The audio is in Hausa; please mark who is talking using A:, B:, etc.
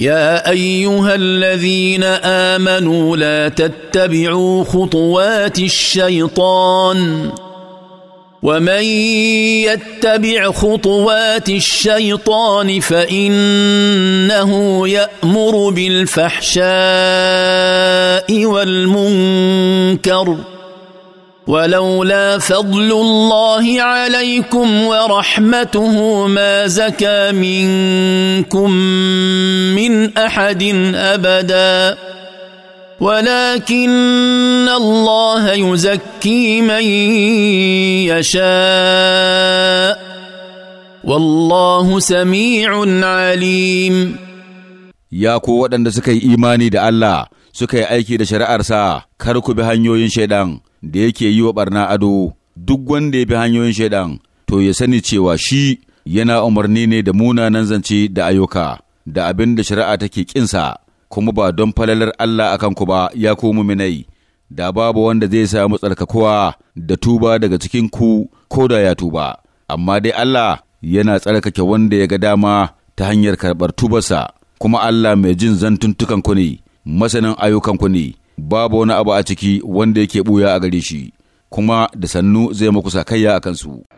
A: يا ايها الذين امنوا لا تتبعوا خطوات الشيطان ومن يتبع خطوات الشيطان فانه يامر بالفحشاء والمنكر ولولا فضل الله عليكم ورحمته ما زكى منكم من احد ابدا ولكن الله يزكي من يشاء والله سميع عليم
B: يا قوة waɗanda suka yi imani da Allah suka yi aiki da shari'arsa kar ku bi hanyoyin shaidan da yake yi wa barna ado duk wanda ya bi hanyoyin shaidan to ya sani cewa shi yana umarni ne da munanan zance da ayyuka da abin da shari'a take kinsa kuma ba don falalar Allah a kanku ba ya komu minai da babu wanda zai samu tsarkakuwa da tuba daga cikin ku ko da ya tuba amma dai Allah yana tsarkake wanda ya ga dama ta hanyar karɓar tubarsa kuma Allah mai jin zantuntukan ku ne masanin ayyukan ku ne babu wani abu a ciki wanda yake buya a gare shi, kuma da sannu zai makusa sakayya a kansu.